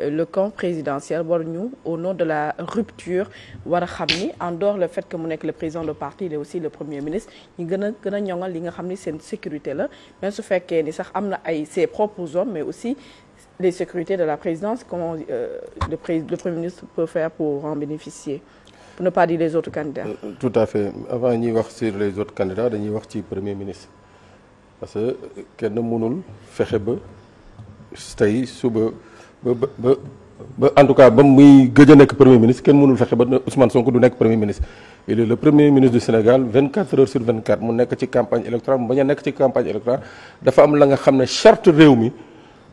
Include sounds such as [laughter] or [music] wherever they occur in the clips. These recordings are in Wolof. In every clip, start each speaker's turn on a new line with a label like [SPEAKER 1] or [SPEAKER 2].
[SPEAKER 1] Euh, le camp présidentiel ñu au nom de la rupture war a xam ni en dehors le fait que mu nekk le président de parti il est aussi le premier ministre ñu gën a gën a ñoŋal li nga xam ni seen sécurité la mais su fekkee ni sax am na ay ses propres hommes mais aussi les sécurités de la présidence comment euh, le pré le premier ministre peut faire pour en bénéficier pour ne pas dire les autres candidats. Euh, euh,
[SPEAKER 2] tout à fait avant ñuy wax sur les autres candidats dañuy wax ci premier ministre parce que kenn mënul fexe ba tey ba ba ba en tout cas ba muy gëj a nekk premier ministre kenn mënul fexe ba Ousmane Sonko du nekk premier ministre il est le premier ministre du Sénégal 24 heures sur 24 mu nekk ci campagne électorale mu bañ a nekk ci campagne électorale dafa am la nga xam ne charte réew mi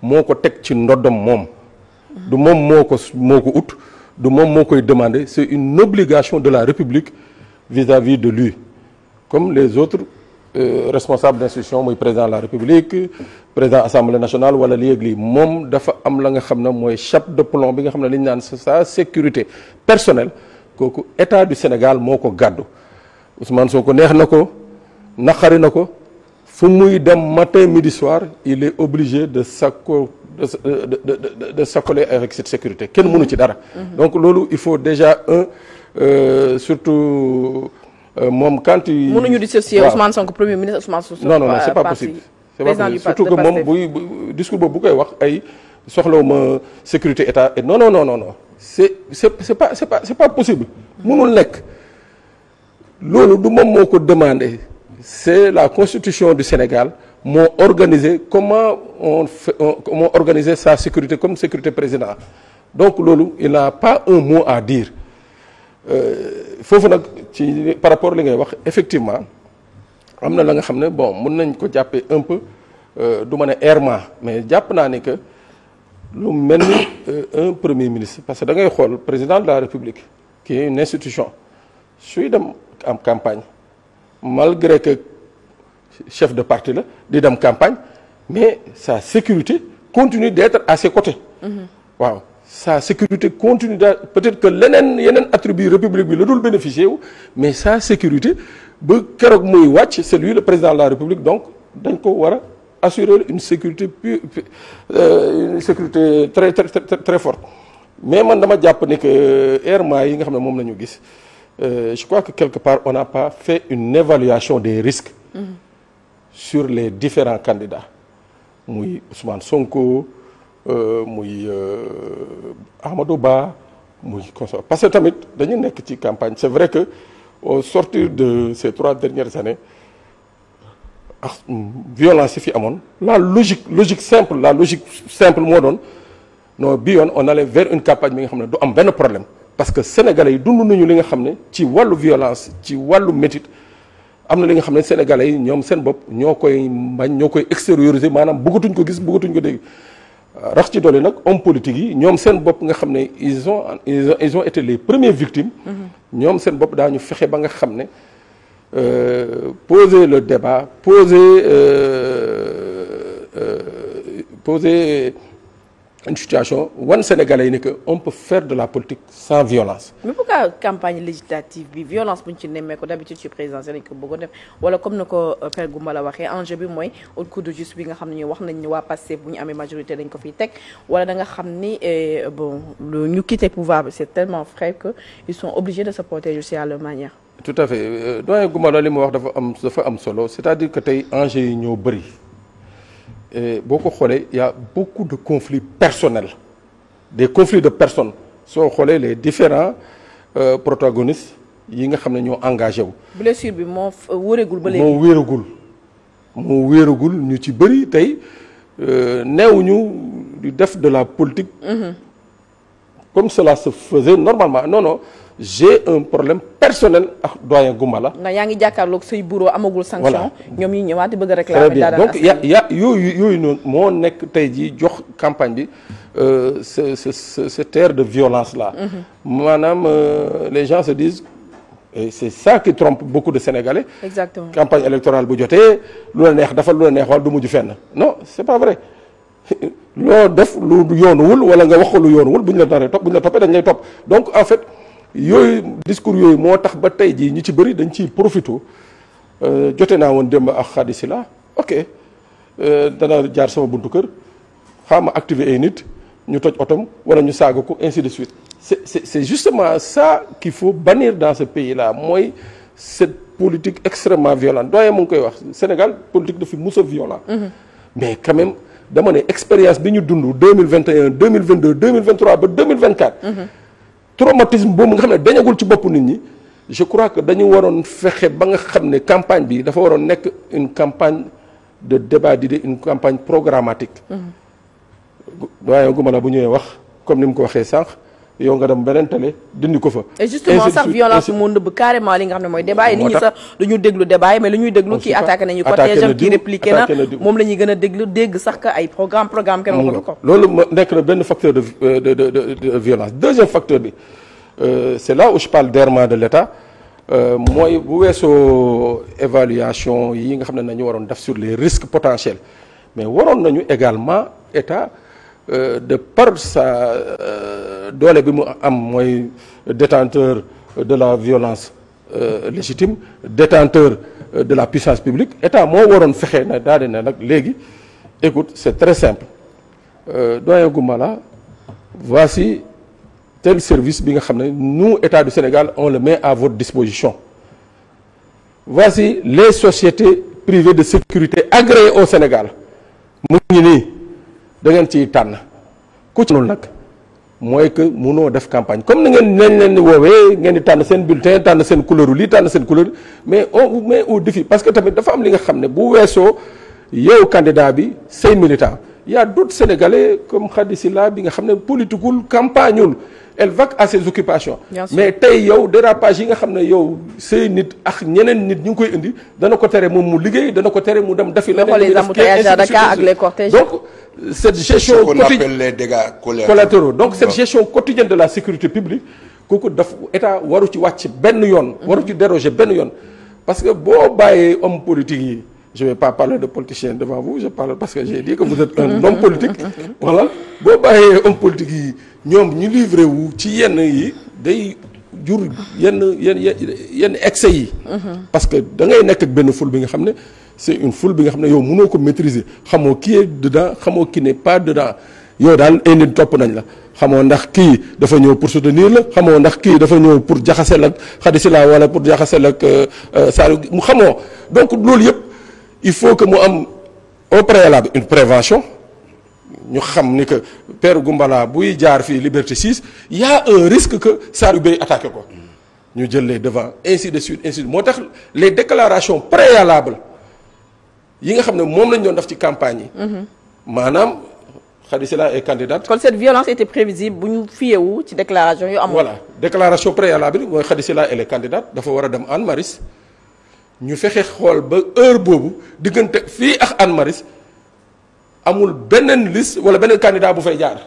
[SPEAKER 2] moo ko teg ci ndoddom moom du moom moo ko moo ko ut du moom moo koy demander c'est une obligation de la République vis-à-vis de lui comme les autres Euh, responsable d'institution muy président de la république président assemblée nationale wala lii ak lii moom dafa am la nga xam ne mooy chape de plomb bi nga xam ne li naan sa sécurité personnelle kooku état du Sénégal moo ko gàddu soo ko neex na ko naqari na ko fu muy dem matin midi soir il est obligé de s'acco de de de de s'accoler avec cette sécurité kenn mënu ci dara. Mhm. donc loolu il faut déjà un euh, surtout. Euh, moom quand il. mënuñu dissocier Ousmane
[SPEAKER 1] Sonko premier ministre Ousmane Sonko. non non non euh, c'est pas possible. c'est pas possible surtout que moom
[SPEAKER 2] buy discours boobu bu koy wax ay soxlawuma sécurité état non non non non non c'est c'est c'est pas c'est pas c'est possible. mënul nekk loolu du moom moo ko demandé. c'est la constitution du Sénégal moo organisé comment on fait moo organisé sa sécurité comme sécurité président donc loolu il n'a pas un mot à dire. Euh, foofu nag ci par rapport li ngay wax effectivement am na la nga xam ne bon mun nañ ko jàppee un peu euh, du ma ne errement mais jàpp naa ne que lu mel ni euh, un premier ministre parce que da ngay xool président de la république qui est une institution suy dem am campagne malgré que chef de parti la di dem campagne mais sa sécurité continue d'être à ses côtés. Mm-hmm. waaw sa sécurité continue daal peut-être que leneen yeneen attribut république bi la dul bénéficier wu mais sa sécurité ba keroog muy wàcc c'est lui le président de la république donc dañ ko war a assurer une sécurité pu euh, une sécurité très très très, forte mais man dama jàpp ni que euh, errements yi nga xam ne moom la ñu gis euh, je crois que quelque part on n'a pas fait une évaluation des risques. Mmh. sur les différents candidats muy Ousmane Sonko. Euh, muy euh, Amadou Ba muy consor parce que tamit dañu nekk ci campagne c'est vrai que au sortir de ces trois dernières années ah violence fi amoon la logique logique simple la logique simple moo doon non bi yoon on allait vers une campagne bi nga xam ne du am benn problème parce que sénégalais yi dund nañu li nga xam ne ci wàllu violence ci wàllu métit am na li nga xam ne sénégalais yi ñoom seen bopp ñoo koy mbañ ñoo koy extérioriser maanaam buggatuñ ko gis bëggatuñ ko dégg rax ci doole nag homme politique yi ñoom seen bopp nga xam ne ils ont ils ont été les premières victimes. ñoom seen bopp daañu fexe ba nga xam ne euh, poser le débat poser euh, euh, poser. une situation wan Sénégalais yi ne que on peut faire de la politique sans violence.
[SPEAKER 1] mais pourquoi campagne législative bi violence bu ci nemmee ko d'habitude ci présidentielle lañ ko bëggoon def wala comme na ko euh, Père Goumbala waxee enjeu bi mooy au coup de juste bi nga xam ne wax nañ ne waa Pastef bu ñu amee majorité dañ ko fiy teg wala da nga xam ni eh, bon ñu quitter pouvoir bi c'est tellement frais que ils sont obligés de se protéger aussi à leur manière.
[SPEAKER 2] tout à fait euh, li mu wax dafa am dafa am solo c'est-à-dire que tey enjeu yi ñoo bëri. boo ko xoolee y a beaucoup de conflits personnels des conflits de personnes soo xoolee les différents euh, protagonistes yi nga xam ne ñoo engagé wu.
[SPEAKER 1] blessure bi moo wéregul ba léegi moo wéregul
[SPEAKER 2] moo wéregul ñu ci bëri tey euh, neewuñu di def de la politique. Mm-hmm. comme cela se faisait normalement non non j'ai un problème personnel ak doyen Goumbala.
[SPEAKER 1] ndax yaa ngi jàkkaarloog say bureau amagul sanction. ñoom yi ñëwaat di bëgg a réclamer dara donc ya
[SPEAKER 2] ya yooyu yooyu noonu moo nekk tey jii jox campagne bi euh, ce ce cette de violence là. Mhm. maanaam euh, les gens se disent. et c'est ça qui trompe beaucoup de Sénégalais. exactement campagne électorale bu jotee lu la neex dafa lu la neex wala du mujj fenn non c'est pas vrai. [laughs] loo def lu yoonuwul wala nga wax lu yoonuwul bu ñu la daree topp bu ñu la toppee topp donc en fait yooyu discours yooyu moo tax ba tey jii ñu ci bëri dañ ciy profito euh, jote naa woon démb ak Khady Sylla ok euh, dana jaar sama buntu kër xaama activer ay nit ñu toj otom wala ñu saaga ko insi de suite c'est c'est c'est justement ça qu'il faut bannir dans ce pays là mooy cette politique extrêmement violente doyen mu ngi koy wax Sénégal politique dafa mus a violent mm-hmm. mais quand dama ne expérience bi ñu dund 2021 2022 2023 ba 2024. traumatisme boobu nga xam ne dañagul ci bopp nit ñi. je crois que dañu waroon fexe ba nga xam ne campagne bi dafa waroon nekk une campagne de débat d'idées une campagne programmatique. doyen mm-hmm. Gumala bu ñëwee wax comme ni mu ko waxee sànq. yow nga dem beneen télé dindi ko fa. et justement sax violence moo
[SPEAKER 1] nëbb carrément li nga xam ne mooy débat yi nit ñi sax du ñu déglu débat yi mais lu ñuy déglu kii attaqué nañu cortège am kii répliqué na moom la gën a déglu dégg sax que ay programme programme kenn waxatu ko
[SPEAKER 2] loolu nekk na benn facteur euh, de de de violence deuxième facteur bi euh, c'est là où je parle de l'État euh, mooy bu weesoo évaluation yi nga xam ne nañu waroon def sur les risques potentiels mais waroon nañu également état Euh, de par sa euh, doole bi mu am mooy détenteur de la violence euh, légitime détenteur de la puissance publique état moo waroon fexe na daal na nag léegi écoute c'est très simple doyen Goumala voici tel service bi nga xam ne nous état du Sénégal on le mais à votre disposition voici les sociétés privées de sécurité agréées au Sénégal mu ngi nii da ngeen ciy tànn ku ci loolu nag mooy que munoo def campagne comme ni ngeen nañ leen di woowee ngeen di tànn seen bulletin tànn seen couleur lii tànn seen couleur mais on met au défi parce que tamit dafa am li nga xam ne bu weesoo yow candidat bi say militant y a d'autres sénégalais comme Khady Sylla bi nga xam ne politikul campagne ul elle vaque à ses occupations. mais tey yow dérapage yi nga xam ne yow say nit ak ñeneen nit ñu ngi koy indi dana ko tere moom mu liggéey dana ko tere mu dem dafi la donc cette gestion quotidienne
[SPEAKER 3] les dégâts collatéraux
[SPEAKER 2] donc cette gestion quotidienne de la sécurité publique kooku daf état waru ci wàcc benn yoon waru ci déroger benn yoon parce que boo bàyyee homme politique yi je vais pas parler de politicien devant vous je parle parce que j'ai dit que vous êtes un homme politique [laughs] voilà boo bàyyee homme politique yi ñoom ñu livré wu ci yenn yi day jur yenn yenn yenn excès yi mhm. parce que da ngay nekk ak benn foule bi nga xam ne c'est une foule bi nga xam ne yow mënoo ko maîtriser xamoo qui est dedans xamoo kii ne pas dedans yow daal ay nit topp nañ la xamoo ndax kii dafa ñëw pour soutenir la xamoo ndax kii dafa ñëw pour jaxasel ak xadisi la wala pour jaxasel ak euh, euh, saal mu xamoo donc loolu yëpp il faut que mu am au préalable une prévention ñu xam ni que Père Goumbala buy jaar fii Liberté 6 y a un risque que Saliou Bey attaqué ko ñu jël les devants ainsi de suite ainsi de moo tax les déclarations préalables yi nga xam ne moom lañu doon def ci campagne yi. Mhm. maanaam Khady Sylla est candidate. kon cette violence était
[SPEAKER 1] prévisible bu ñu fiyewu ci déclaration yu am voilà
[SPEAKER 2] déclaration préalable mooy Khady si elle est candidate dafa war a dem Anne Maris. ñu fexe xool ba heure boobu diggante fii ak Anne Maris amul beneen liste wala beneen candidat bu fay jaar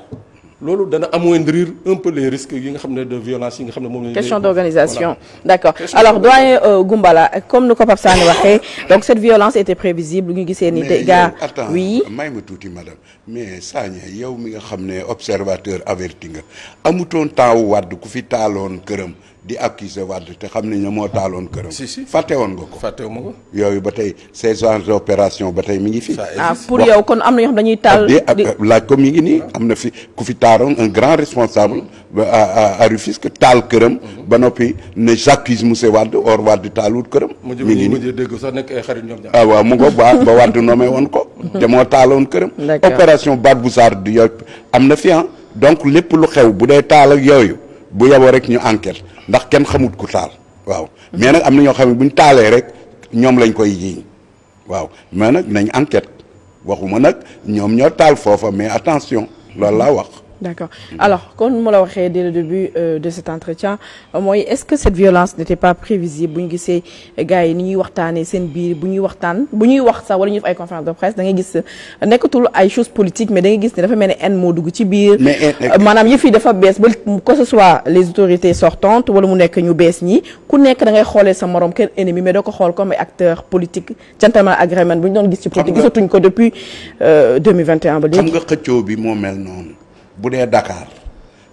[SPEAKER 2] loolu dana amoindrir un peu les risques yi nga xam ne de violence yi nga xam ne moom la question d'organisation
[SPEAKER 1] voilà. d'accord question alors doyen euh, Goumbala comme nu ko Pape Sané waxee donc cette violence était prévisible ñu gisee ni te gars
[SPEAKER 3] oui may ma tuuti madame mais Sagna yow mi nga xam ne observateur averti nga amutoon temps wu wàdd ku fi taaloon këram di accuser Wade te xam nañ ne moo taaloon këram. si si fàtte woon nga ko. fàtte woon yooyu ba tey ces genres d'opération ba tey mi ngi fi. Ah, pour yow
[SPEAKER 1] kon am na ñoo xam dañuy taal. di
[SPEAKER 3] euh, laaj ko mi ngi nii am na fi ku fi taaroon un grand responsable ba à à taal këram. Mhm. ba noppi ne j'accuse monsieur Wade or Wade taalut këram. mi ngi nii mujj
[SPEAKER 2] dégg sax nekk ay xarit ñoom ñaar. ah waaw mu ngoog ba ba Wade woon ko. Mhm. te moo
[SPEAKER 3] taaloon këram. baat bu saar di yooyu am na fi ah donc lépp lu xew bu dee taal ak yooyu. bu yaboo rek ñu enquête ndax kenn xamut ku taal waaw mais nag am na ñoo xam bu ñu taalee rek ñoom lañ koy jiiñ waaw mais nag nañ enquête ma nag ñoom ñoo taal foofa mais attention loolu laa wax
[SPEAKER 1] d'accord alors comme ma la waxee dès le début euh, de cet entretien euh, mooy est-ce que cette violence n'était pas prévisible bu ñu gisee gars yi ni ñuy waxtaanee seen biir bu ñuy waxtaan bu ñuy wax sax wala ñu def ay conférence de presse da ngay gis euh, nekkatul ay choses politique mais da gis ne dafa mel ne haine moo dugg ci biir maanaam yëf dafa bees ba que ce soit les autorités sortantes wala mu nekk ñu bees ñi ku nekk dangay xoolee sa morom kenn ennemi mais doo ko xool comme ay acteur politique gentleman agreement bu ñu doon gis ci politique gisatuñ ko depuis
[SPEAKER 3] 2021 ba léegi xam nga xëccoo bi moo mel noonu bu dee dakaar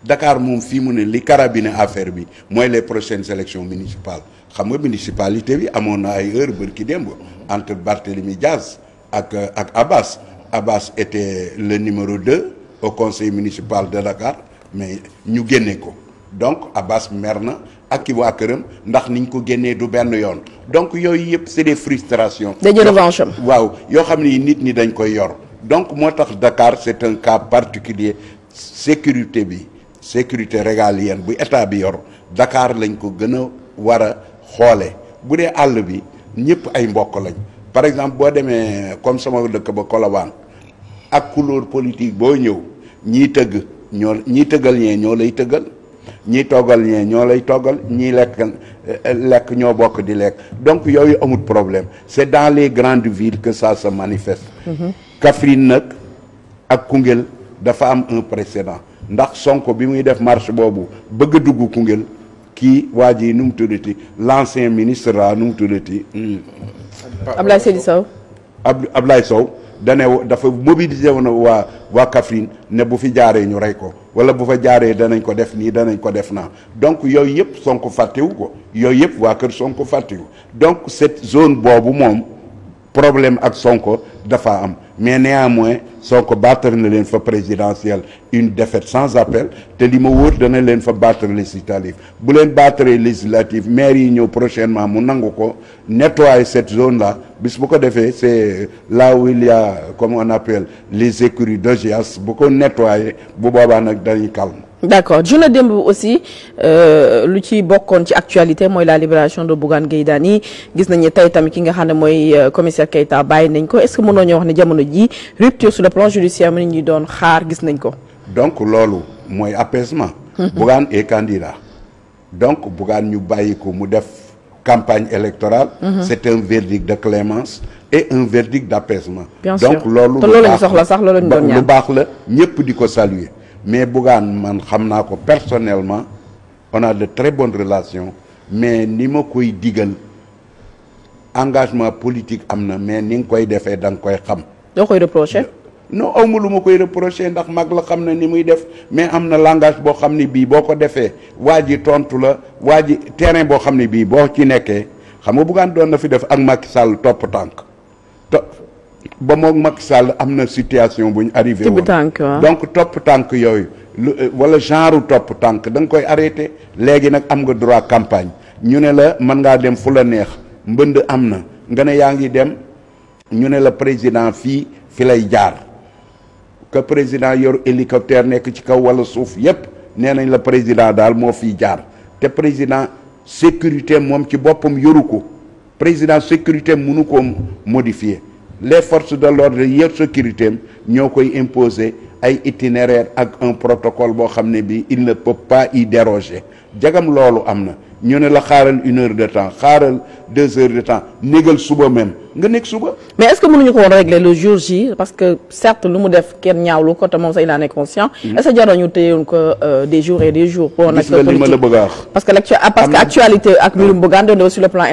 [SPEAKER 3] dakaar moom fii mu ne li carabine affaire bi mooy les prochaines élections municipales xam nga municipalité bi amoon na ay heure bërki démb entre Barthélemy Diaz ak euh, ak Abbas Abbas était le numéro 2 au conseil municipal de Dakar mais ñu génne ko donc Abbas mer na ak ki waa këram ndax ni ñu ko génne du benn yoon donc yooyu yëpp c'est des frustrations dañu revanche am waaw yoo xam ni nit ñi dañ koy yor donc moo tax dakaar c'est un cas particulier sécurité bi sécurité régalienne bu état bi yor Dakar lañ ko gën a war a xoole bu dee àll bi ñëpp ay mbokk lañ par exemple boo demee comme sama dëkk ba Colobane ak couleur politique boo ñëw ñii tëgg ñoo ñii tëggal ñee ñoo lay tëggal ñii toggal ñee ñoo lay toggal ñii lekk eh, lekk ñoo bokk di lekk donc yooyu amut problème c'est dans les grandes villes que ça se manifeste mm-hmm. Kaffrine nag ak Koungheul dafa am un précédent ndax Sonko bi muy def marche boobu bëgg a dugg Koungheul kii waa ji nu mu tuddati l'ancien ministre la nu mu tuddati. Hmm. Ablaye Seydou Sow. Ab Ablaye Sow dane dafa mobiliser woon waa waa Kaffrine ne bu fi jaaree ñu rey ko wala bu fa jaaree danañ ko def nii danañ ko def naa donc yooyu yëpp sonk fàttewu ko yooyu yëpp waa kër Sonko fàttewu donc cette zone boobu moom. problème ak Sonko dafa am mais néanmoins Sonko battre na leen fa présidentielle une défaite sans appel te li ma wóor dana leen fa battre législative bu leen battre législative maire yi ñëw prochainement mu nangu ko nettoyer cette zone la bis bu ko defee c'est là où il y a comme on appelle les écuries d'OGIAS bu ko nettoyer bu boobaa nag dañuy
[SPEAKER 1] calme d'accord journée démb aussi euh, lu ci bokkoon ci actualité mooy la libération de Bougane Gueye Dany gis nañu tey tamit ki nga xam ne mooy euh, commissaire Keita bàyyi nañ ko est-ce que mënoo ñoo wax ne jamono ji rupture sur le plan judiciaire mi ñuy doon xaar gis nañ ko.
[SPEAKER 3] donc loolu mooy apaisement. Mhm. Bougane est candidat. donc Bougane ñu bàyyi ko mu def campagne électoral mhm. c'est un verdict de clémence et un verdict d'apaisement. donc loolu. te loolu la soxla sax loolu la lu baax la ñëpp di ko saluer. mais Bougane man xam naa ko personnellement on a de très bonnes relation mais ni ma koy digal engagement politique am na mais ni nga koy defee da koy xam. doo koy reproché. non awma lu ma koy reproché ndax mag la xam na ni muy def mais am na langage boo xam ni bii boo ko defee waa ji tontu la waa ji terrain boo xam ne bii boo ci nekkee xam nga buggaan doon na fi def ak Macky Sall topp tànk. ba moog Macky Sall am na situation bu ñu arrivé woon donc topp tànk yooyu lu euh, wala genre topp tànk da nga koy arrêté léegi nag am nga droit campagne ñu ne la mën ngaa dem fu la neex mbënd am na nga ne yaa ngi dem ñu ne la président fii fi lay jaar que président yor hélicoptère nekk ci kaw wala suuf yépp nee nañ la président daal moo fiy jaar te président sécurité moom ci boppam yoru ko président sécurité mënu ko modifier les forces de l'ordre yëpp sécurité ñoo koy imposer ay itinéraire ak un protocole boo xam ne bi il ne peut pas y déroger jagam loolu am na ñu ne la xaaral une heure de temps xaaral deux heures de temps négal suba même
[SPEAKER 1] nga nekk suba mais est-ce que mënuñu ko régler le jour J parce que certes lu mu def kenn ñaawlu ko te moom sax il en est conscient mm-hmm. est-ce que jaroñu téyoon ko euh, des jours et des jours pour nag li ma la bëgg wax parce que ah, parce que actualité ak mbirum Bougane doon sur le plan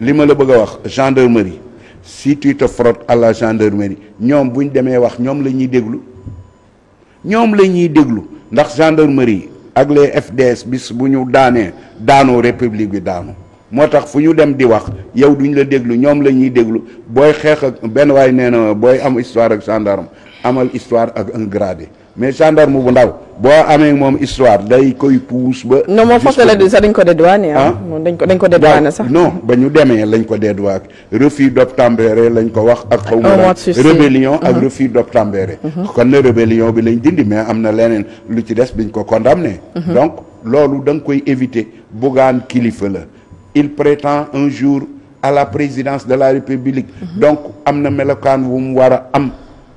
[SPEAKER 3] li ma la bëgg a wax gendarmerie si tu te frottes à la gendarmerie ñoom bu ñu demee wax ñoom la ñuy déglu ñoom la ñuy déglu ndax gendarmerie ak les FDS bis bu ñu daanee daanoo république bi daanu moo tax fu ñu dem di wax yow ñu la déglu ñoom la ñuy déglu booy xeex ak benn waay nee na booy am histoire ak gendarme amal histoire ak un gradé. mais gendarme bu ndaw boo amee moom histoire day koy puus ba. non moom force la sax dañ
[SPEAKER 1] ko dédouané ah. ah. moom
[SPEAKER 3] dañ ko dañ ko dédouané sax. non lañ ko dédouané refus lañ ko wax ak. xaw ma rébellion ak uh-huh. refus d'obtempérer. Uh-huh. kon na bi lañ dindi am na leneen lu ci des biñ ko condamné. Uh-huh. donc loolu da nga koy éviter Bougane kilifa la il prétend un jour à la présidence de la République. donc am na melokaan bu mu war a am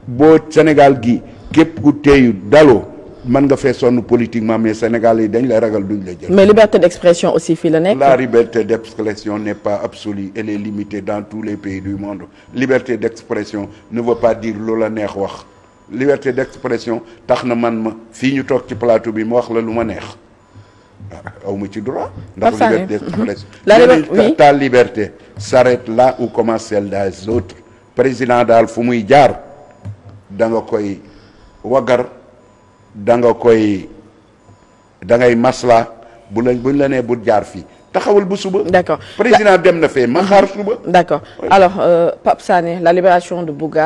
[SPEAKER 3] boo Sénégal gi képp ku teeyu daloo mën nga fee sonn politiquement mais Sénégal yi dañ la ragal duñ la
[SPEAKER 1] jël. mais liberté d'expression aussi fii la
[SPEAKER 3] nekk. la liberté d'expression n'est pas absolue elle est limitée dans tous les pays du monde liberté d'expression ne veut pas dire lu la neex wax liberté d'expression tax na man ma fii ñu toog ci plateau bi ma wax la lu ma neex waaw ah, aw ma ci droit. ndax liberté d'expression. Mhm. ta liberté s'arrête là où commence celle des autres président daal fu muy jaar da koy. waggar da koy da ngay bu la buñ la nee bu jaar fii
[SPEAKER 1] taxawal bu suba. d'accord président dem na fee ma xaar suba. d'accord alors euh, Pape Sané la libération de Bouga.